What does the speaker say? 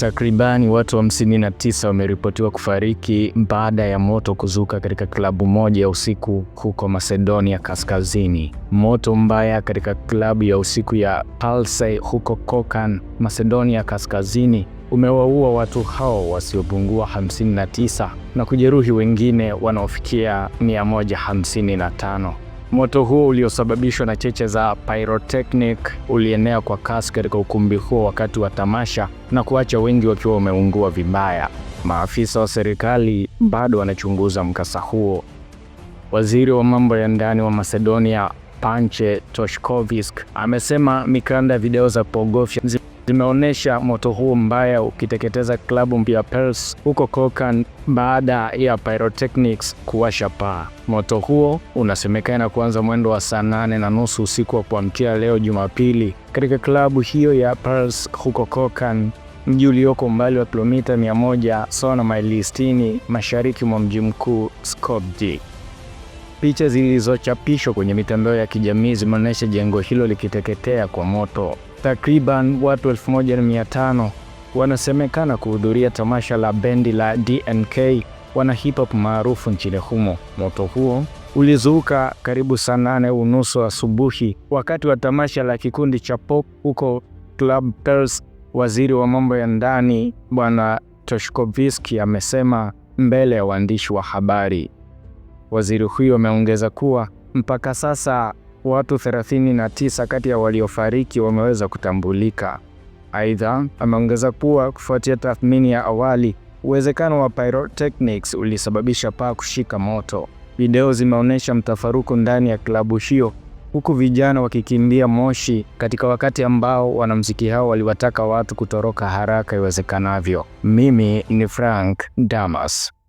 Takribani watu 59 wameripotiwa kufariki baada ya moto kuzuka katika klabu moja ya usiku huko Macedonia Kaskazini. Moto mbaya katika klabu ya usiku ya palse huko Kokan, Macedonia Kaskazini umewaua watu hao wasiopungua 59 na kujeruhi wengine wanaofikia 155. Moto huo uliosababishwa na cheche za pyrotechnic ulienea kwa kasi katika ukumbi huo wakati wa tamasha na kuacha wengi wakiwa wameungua vibaya. Maafisa wa serikali bado wanachunguza mkasa huo. Waziri wa mambo ya ndani wa Macedonia Panche Toshkovisk amesema mikanda ya video za pogofya zimeonyesha moto huu mbaya ukiteketeza klabu ya Pels huko Kokan baada ya pyrotechnics kuwasha paa. Moto huo unasemekana kuanza mwendo wa saa nane na nusu usiku wa kuamkia leo Jumapili katika klabu hiyo ya Pels huko Kokan, mji ulioko umbali wa kilomita 100 sawa na maili 60 mashariki mwa mji mkuu Skopje. Picha zilizochapishwa kwenye mitandao ya kijamii zimeonyesha jengo hilo likiteketea kwa moto. Takriban watu 1500 wanasemekana kuhudhuria tamasha la bendi la DNK, wana hip hop maarufu nchini humo. Moto huo ulizuka karibu saa nane unusu asubuhi wakati wa tamasha la kikundi cha pop huko Club Pulse. Waziri wa mambo ya ndani Bwana Toshkovski amesema mbele ya waandishi wa habari. Waziri huyo ameongeza kuwa mpaka sasa watu 39 kati ya waliofariki wameweza kutambulika. Aidha, ameongeza kuwa kufuatia tathmini ya awali, uwezekano wa pyrotechnics ulisababisha paa kushika moto. Video zimeonyesha mtafaruku ndani ya klabu hiyo huku vijana wakikimbia moshi katika wakati ambao wanamuziki hao waliwataka watu kutoroka haraka iwezekanavyo. Mimi ni Frank Damas.